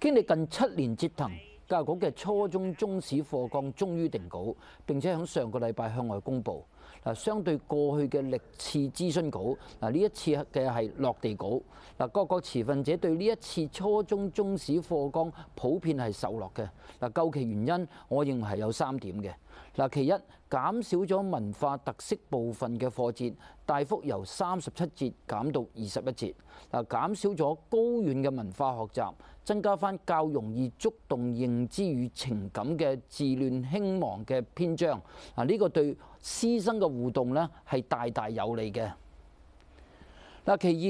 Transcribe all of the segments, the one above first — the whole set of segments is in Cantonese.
經歷近七年折騰，教育局嘅初中中史課綱終於定稿，並且喺上個禮拜向外公佈。嗱，相對過去嘅歷次諮詢稿，嗱，呢一次嘅係落地稿。嗱，各個持份者對呢一次初中中史課綱普遍係受落嘅。嗱，究其原因，我認為係有三點嘅。嗱，其一，減少咗文化特色部分嘅課節，大幅由三十七節減到二十一節。嗱，減少咗高遠嘅文化學習，增加翻較容易觸動認知與情感嘅治亂興亡嘅篇章。嗱，呢個對師生嘅互動呢係大大有利嘅。嗱，其二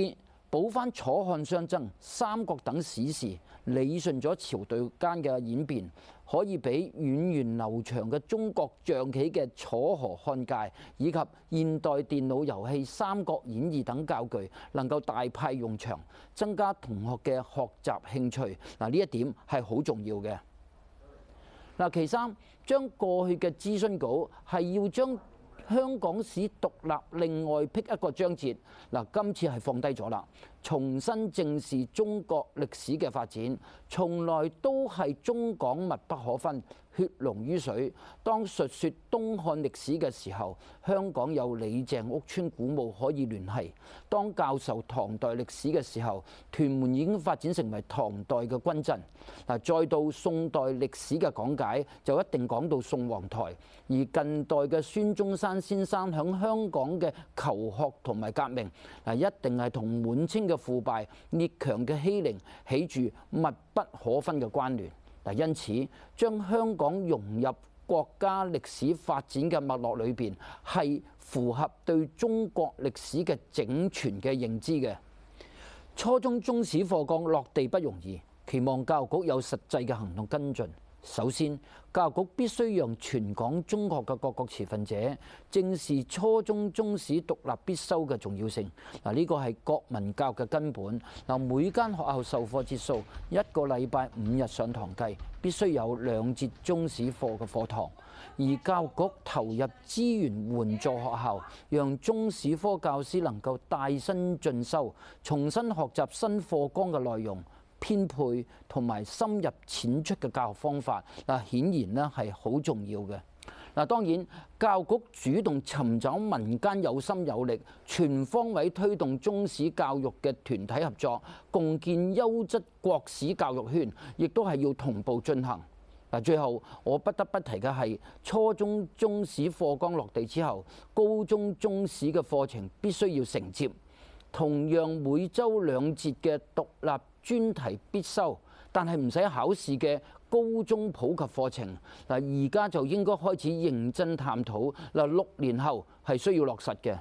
補翻楚漢相爭、三國等史事，理順咗朝代間嘅演變，可以俾源遠流長嘅中國象棋嘅楚河漢界以及現代電腦遊戲《三國演義》等教具能夠大派用場，增加同學嘅學習興趣。嗱，呢一點係好重要嘅。嗱，其三，將過去嘅諮詢稿係要將香港史獨立，另外闢一個章節，嗱，今次係放低咗啦。重新正視中國歷史嘅發展，從來都係中港密不可分，血濃於水。當述說東漢歷史嘅時候，香港有李鄭屋村古墓可以聯繫；當教授唐代歷史嘅時候，屯門已經發展成為唐代嘅軍鎮。嗱，再到宋代歷史嘅講解，就一定講到宋皇台。而近代嘅孫中山先生響香港嘅求學同埋革命，嗱，一定係同滿清嘅腐敗、列強嘅欺凌，起住密不可分嘅關聯。嗱，因此將香港融入國家歷史發展嘅脈絡裏邊，係符合對中國歷史嘅整全嘅認知嘅。初中中史課綱落地不容易，期望教育局有實際嘅行動跟進。首先，教育局必須讓全港中學嘅各國持份者正視初中中史獨立必修嘅重要性。嗱，呢個係國民教育嘅根本。嗱，每間學校授課節數，一個禮拜五日上堂計，必須有兩節中史課嘅課堂。而教育局投入資源援助學校，讓中史科教師能夠帶薪進修，重新學習新課綱嘅內容。編配同埋深入淺出嘅教學方法，嗱，顯然咧係好重要嘅。嗱當然，教育局主動尋找民間有心有力、全方位推動中史教育嘅團體合作，共建優質國史教育圈，亦都係要同步進行。嗱，最後我不得不提嘅係，初中中史課綱落地之後，高中中史嘅課程必須要承接。同樣每週兩節嘅獨立專題必修，但係唔使考試嘅高中普及課程。嗱，而家就應該開始認真探討。嗱，六年後係需要落實嘅。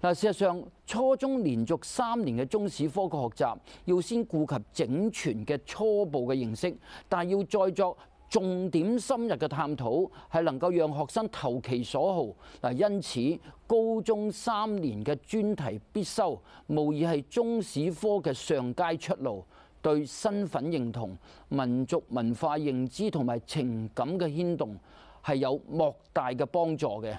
嗱，事實上，初中連續三年嘅中史科學學習，要先顧及整全嘅初步嘅認識，但要再作。重點深入嘅探討係能夠讓學生投其所好。嗱，因此高中三年嘅專題必修，無疑係中史科嘅上佳出路，對身份認同、民族文化認知同埋情感嘅牽動係有莫大嘅幫助嘅。